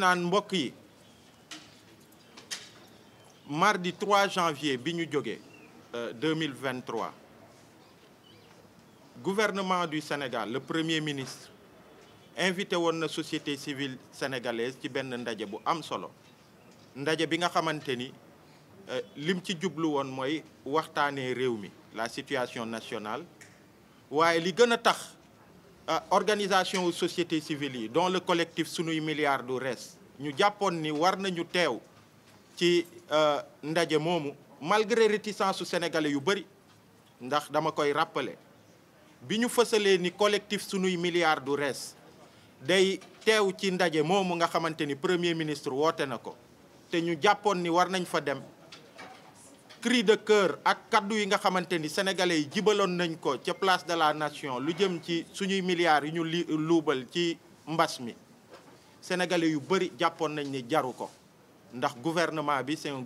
naan mbokk yi mardi 3 janvier bi ñu jógee euh, 2023 gouvernement du Sénégal le premier ministre invité woon na société civile sénégalaise ci benn ndaje bu am solo ndaje bi nga xamante ni euh, lim ci jublu woon mooy waxtaanee réew mi la situation nationale waaye li gën tax Euh, organisation société civile yi dont le collectif sunuy milliards du res ñu jàppoon ni war nañu teew ci euh, ndaje moomu malgré réticence su sénégalais yu bëri ndax dama koy rappeler bi ñu fësalee ni collectif sunuy milliards du rees day teew ci ndaje moomu nga xamante ni premier ministre woote na ko te ñu jàppoon ni war nañ fa dem cri de cœur ak kaddu yi nga xamante ni sénégalais yi jibaloon nañ ko ca place de la nation lu jëm ci suñuy milliards yi ñu li luubal ci mbas mi sénégalais yu bëri jàppoon nañ ni jaru ko ndax gouvernement bi c'est un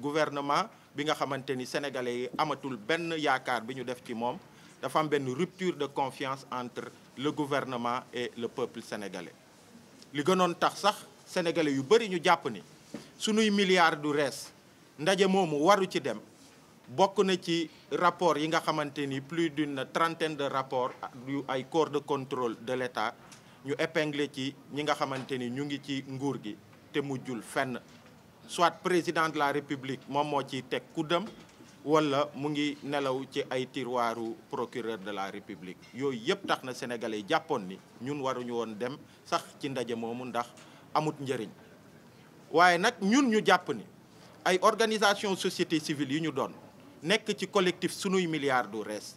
bi nga xamante ni sénégalais yi amatul benn yaakaar bi ñu def ci moom dafa am benn rupture de confiance entre le gouvernement et le peuple sénégalais li gënoon tax sax sénégalais yu bëri ñu jàpp ni suñuy milliards du rees ndaje moomu waru ci dem bokk na ci rapport yi nga xamante ni plus d'une trentaine de rapport yu ay corps de contrôle de l'État ñu épinglé ci ñi nga xamante ni ñu ngi ci nguur gi te mujjul fenn soit président de la République moom moo ciy teg kuddam wala mu ngi nelaw ci ay tirwaaru procureur de la République yooyu yëpp tax na sénégalais jàppoon ni ñun waruñu woon dem sax ci ndaje moomu ndax amut njëriñ waaye nag ñun ñu jàpp ni ay organisation société civile yu ñu doon nekk ci collectif sunuy milliards du rees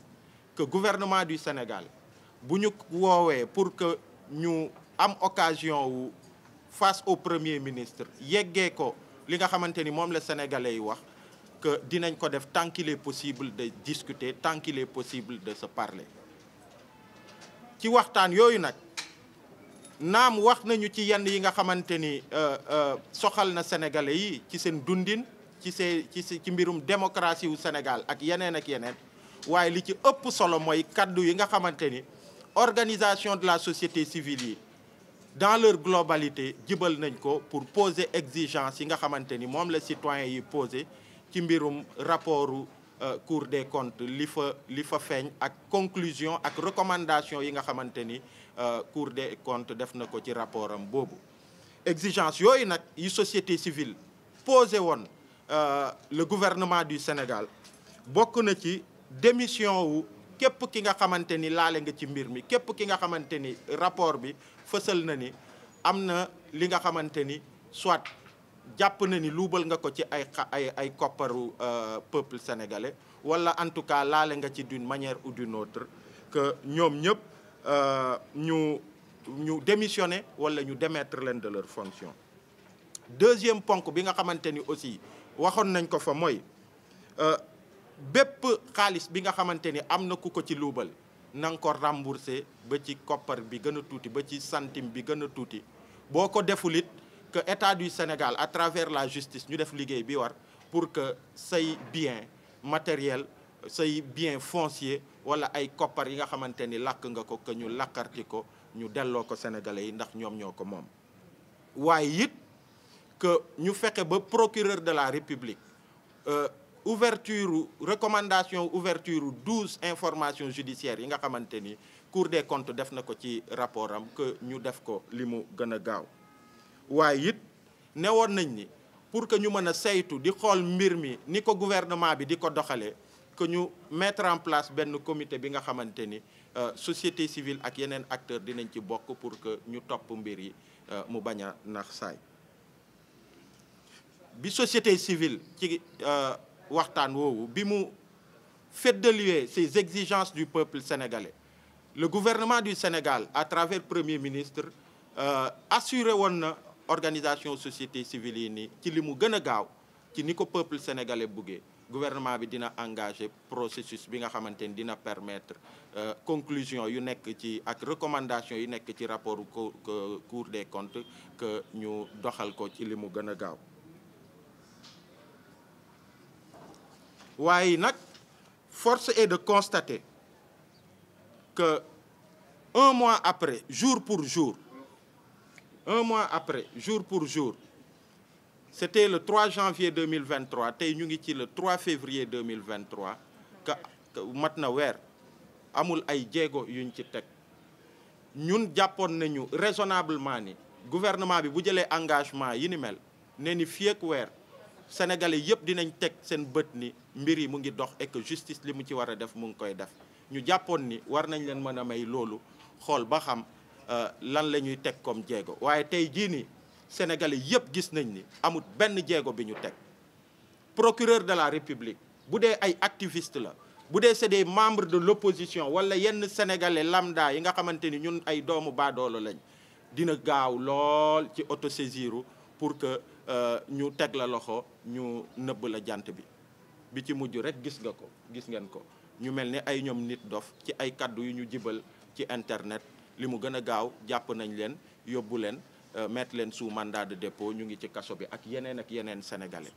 que gouvernement du Sénégal bu ñu woowee pour que ñu am occasion wu face au premier ministre yeggee ko li nga xamante ni moom la sénégalais yi wax que dinañ ko def tant qu'il possible de discuter tant qu'il possible de se parler ci waxtaan yooyu nag naam wax nañu ci yenn yi nga xamante ni euh, euh, soxal na sénégalais yi ci seen dundin ci see ci ci mbirum démocratie wu Sénégal ak yeneen ak yeneen waaye li ci ëpp solo mooy kaddu yi nga xamante ni organisation de la société civile yi dans leur globalité jibal nañ ko pour poser exigence yi nga xamante ni moom la citoyen yi poser ci mbirum rapportu euh, Cour des comptes li fa li fa feeñ ak conclusion ak recommandation yi nga xamante ni euh, Cour des comptes def na ko ci rapport am boobu exigence yooyu nag yi société civile posé woon Euh, le gouvernement du Sénégal bokk na ci démission wu képp ki nga xamante ni laale nga ci mbir mi képp ki nga xamante ni rapport bi fësal na ni am na li nga xamante ni soit jàpp na ni luubal nga ko ci ay ay ay kopparu euh, peuple sénégalais wala en tout cas laale nga ci d'une manière ou d'une autre que ñoom ñëpp euh, ñu ñu démissionner wala ñu démettre leen de leur fonction deuxième ponk bi nga xamante ni aussi waxoon nañ ko fa mooy euh, bépp xaalis bi nga xamante ni am na ku ko ci luubal na nga ko remboursé ba ci koppar bi gën a tuuti ba ci centime bi gën a tuuti boo ko defulit que état du Sénégal à travers la justice ñu def liggéey bi war pour que say bien matériel say bien foncier wala ay koppar yi nga xamante ni làkk nga ko que ñu làkkarti ko ñu delloo ko sénégalais yi ndax ñoom ñoo ko moom waaye it que ñu fekke ba procureur de la république euh, ouverture recommandation ouverture douze information judiciaires yi nga xamante ni cour des comptes def na ko ci rapport am que ñu def ko li mu gën a gaaw waaye it newoon nañ ni pour que ñu mën a saytu di xool mbir mi ni ko gouvernement bi di ko doxalee que ñu mettre en place benn comité bi nga xamante ni euh, société civile ak yeneen acteurs dinañ ci bokk pour que ñu topp mbir yi euh, mu bañ a nax saay bi société civile ci euh, waxtaan woowu bi mu feddaliwee ces exigences du peuple sénégalais le gouvernement du Sénégal à travers premier ministre euh, assuré woon na organisation société civile yi nii ci li mu gën a gaaw ci ni ko peuple sénégalais buggee gouvernement bi dina engagé processus bi nga xamante ni dina permettre euh, conclusion yu nekk ci ak recommandation yu nekk ci rapport cour des comptes que ñu doxal ko ci li mu gën a gaaw waaye nag force et de constater que un mois après jour pour jour un mois après jour pour jour c'était le 3 janvier 2023 tey ñu ngi ci le 3 février 2023 que mat na weer amul ay jéego yuñ ci teg ñun jàppoon nañu raisonnablement ni gouvernement bi bu jëlee engagement yi ni mel ne ni fii weer sénégalais yëpp dinañ teg seen bët ni mbir yi mu ngi dox et que justice li mu ci war a def mu ngi koy def ñu jàppoon ni war nañ leen mën a may loolu xool ba xam euh, lan la ñuy teg comme jéego waaye tey jii ni sénégalais yëpp gis nañ ni amut benn jéego bi ñu teg procureur de la république bu dee ay activiste la bu dee c'est des membres de l'opposition wala yenn sénégalais lambda yi nga xamante ni ñun ay doomu baadoolo lañ dina gaaw lool ci autosaisiru pour que Euh, ñu teg la loxo ñu nëbb la jant bi bi ci mujj rek gis nga ko gis ngeen ko ñu mel ni ay ñoom nit dof ci ay kàddu yu ñu jibal ci internet li mu gën a gaaw jàpp nañ leen yóbbu leen euh, mettre leen sous mandat de ñu ngi ci kaso bi ak yeneen ak yeneen sénégalais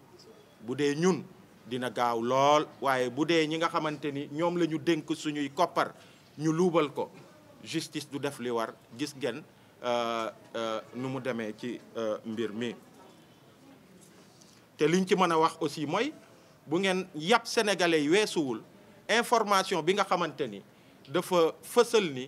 bu dee ñun dina gaaw lool waaye bu dee ñi nga xamante ni ñoom lañu dénk suñuy koppar ñu luubal ko justice du def li war gis ngeen euh, nu mu demee ci mbir mi. te liñ ci mën a wax aussi mooy bu ngeen yàpp sénégalais weesuwul information bi nga xamante ni dafa fësal ni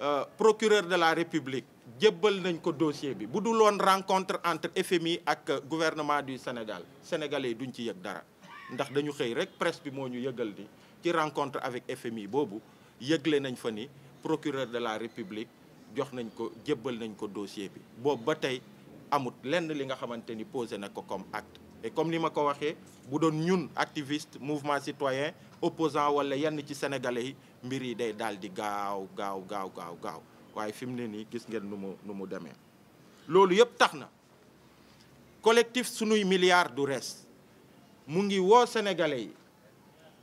euh, procureur de la république jëbbal nañ ko dossier bi bu dul woon rencontre entre FMI ak gouvernement du Sénégal sénégalais yi duñ ci yëg dara ndax dañu xëy rek presse bi moo ñu yëgal ni ci rencontre avec FMI boobu yëgle nañ fa ni procureur de la république jox nañ ko jébbal nañ ko dossier bi boobu ba tey amut lenn li nga xamante ni posé na ko comme acte et comme ni ma ko waxee bu doon ñun activiste mouvement citoyen opposant wala yenn ci sénégalais yi mbir yi day daal di gaaw gaaw gaaw gaaw gaaw waaye fi mu ne nii gis ngeen nu mu nu mu demee loolu yëpp tax na collectif sunuy milliards du reste mu ngi woo sénégalais yi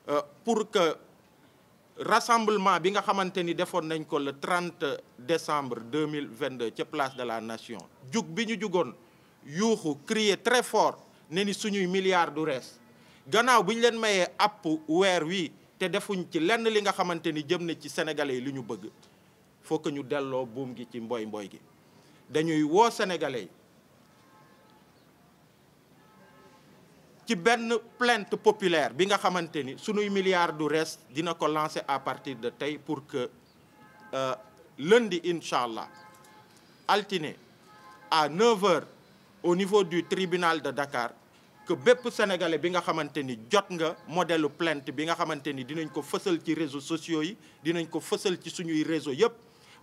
euh, pour que rassemblement bi nga xamante ni defoon nañ ko le 30 décembre 2022 ca place de la nation jug bi ñu jugoon yuuxu crier très fort ne ni suñuy milliards du rees gannaaw bi ñu leen mayee app weer wi te defuñ ci lenn li nga xamante ni jëm na ci sénégalais yi lu ñu bëgg faut que ñu delloo buum gi ci mbooy mbooy gi dañuy woo sénégalais yi ci benn plainte populaire bi nga xamante ni suñuy milliards du rees dina ko lancer à partir de tey pour que euh, lëndi incha allah altine à 9 heures au niveau du tribunal de Dakar que bépp sénégalais bi nga xamante ni jot nga modèle plainte bi nga xamante ni dinañ ko fësal ci réseau sociaux yi dinañ ko fësal ci suñuy réseau yëpp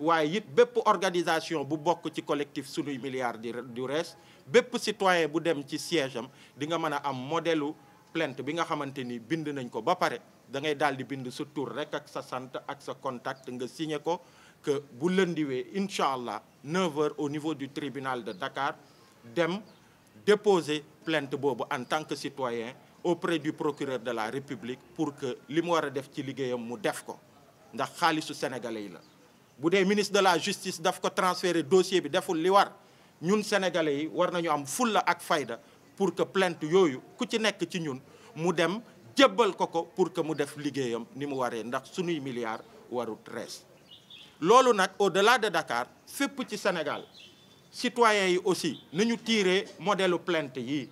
waaye it bépp organisation bu bokk ci collectif suñuy milliards du reste bépp citoyen bu dem ci siège am di nga mën a am modèle plainte bi nga xamante ni bind nañ ko ba pare dangay ngay daal di bind sa tur rek ak sa sant ak sa contact nga signé ko que bu lëndiwee incha allah 9h au niveau du tribunal de Dakar dem déposer plainte boobu en tant que citoyen auprès du procureur de la république pour que li mu war a def ci liggéeyam mu def ko ndax xaalisu sénégalais yi la bu dee ministre de la justice daf ko transférer dossier bi deful li war ñun sénégalais yi war nañu am fulla ak fayda pour que plainte yooyu ku ci nekk ci ñun mu dem jébbal ko ko pour que mu def liggéeyam ni mu waree ndax suñuy milliards waru rees loolu nag au delà de Dakar fépp ci Sénégal citoyens yi aussi na nañu tirer modèle plainte yi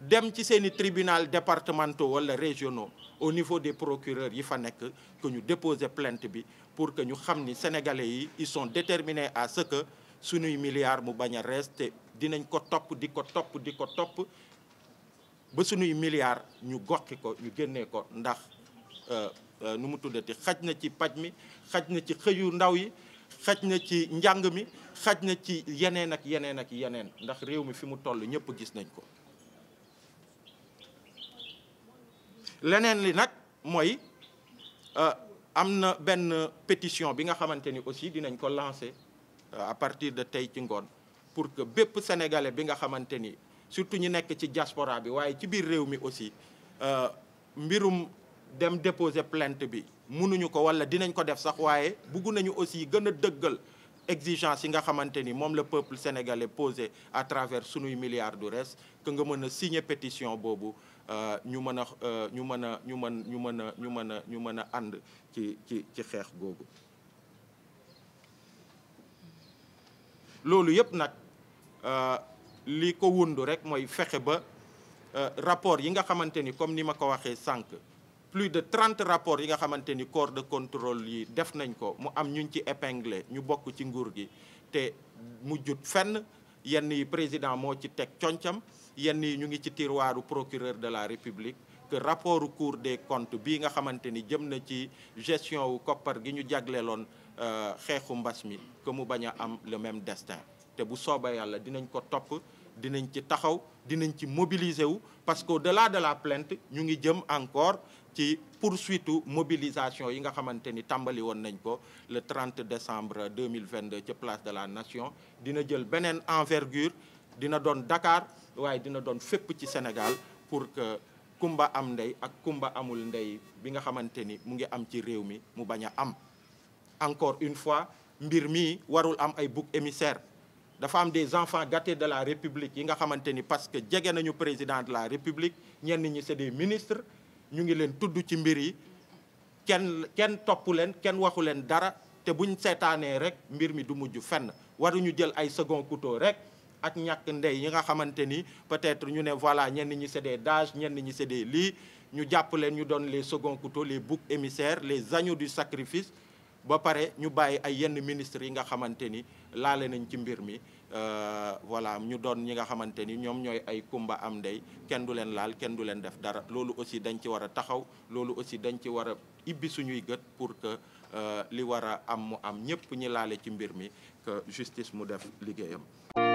dem ci seeni tribunal départementaux wala régionaux au niveau des procureurs yi fa nekk que ñu déposer plainte bi pour que ñu xam ni sénégalais yi ils sont déterminés à ce que suñuy milliards mu bañ a rees dinañ ko topp di ko topp di ko topp ba suñuy milliards ñu goxi ko ñu génnee ko ndax euh, euh, nu mu tuddati xaj na ci paj mi xaj na ci xëyu ndaw yi xaj na ci njàng mi xaj na ci yeneen ak yeneen ak yeneen ndax réew mi fi mu toll ñëpp gis nañ ko leneen li nag mooy euh, am na benn pétition bi nga xamante ni aussi dinañ ko lancé euh, à partir de tey ci ngoon pour que bépp sénégalais bi nga xamante ni surtout ñu nekk ci diaspora bi waaye ci biir réew mi aussi euh, mbirum dem déposer plante bi munuñu ko wala dinañ ko def sax waaye bëgg nañu aussi gën a dëggal exigence yi nga xamante ni moom la peuple sénégalais posé à travers sunuy milliards du reste que nga mën a signer pétition boobu euh, ñu mën a euh, ñu mën a ñu mën ñu mën a ñu mën a ñu mën a ànd ci ci ci xeex googu loolu yëpp nag euh, li ko wundu rek mooy fexe ba rapport yi nga xamante ni comme ni ma ko waxee sànq plus de 30 rapports yi nga xamante ni corps de controle yi def nañ ko mu am ñuñ ci épinglé ñu bokk ci nguur gi te mujjut fenn yenn yi président moo ci teg concam yenn yi ñu ngi ci tiroiru procureur de la république que rapport cour des comptes bii nga xamante ni jëm na ci gestion wu koppar gi ñu jagleeloon euh, xeexu mbas mi que mu bañ a am le même destin te bu sooba yàlla dinañ ko topp dinañ ci taxaw dinañ ci mobiliser wu parce que au-delà de la plainte ñu ngi jëm encore ci poursuite mobilisation yi nga xamante ni tàmbali woon nañ ko le 30 décembre 2022 ci place de la nation dina jël beneen envergure dina doon dakaar waaye dina doon fépp ci Sénégal pour que kumba am ndey ak kumba amul ndey bi nga xamante ni mu ngi am ci réew mi mu bañ a am encore une fois mbir mi warul am ay bouc émissaire dafa am des enfants gâtés de la république yi nga xamante ni parce que jege nañu président de la république ñenn ñi c'est des ñu ngi leen tudd ci mbir yi kenn kenn topp leen kenn waxu leen dara te buñ seetaanee rek mbir mi du mujj fenn waruñu jël ay second couteau rek ak ñàkk ndey yi nga xamante ni peut-être ñu ne voilà ñenn ñi c'est dage ñenn ñi c'est lii ñu jàpp leen ñu doon les second couteaux les boucs émissaires les agneaux du sacrifice ba pare ñu bàyyi ay yenn ministres yi nga xamante ni laale nañ ci mbir mi euh, voilà ñu doon ñi nga xamante ni ñoom ñooy ay kumba am ndey kenn du leen laal kenn du leen def dara loolu aussi dañ ci war a taxaw loolu aussi dañ ci war a ibbi suñuy gët pour que euh, li war a am mu am ñëpp ñi laale ci mbir mi que justice mu def liggéeyam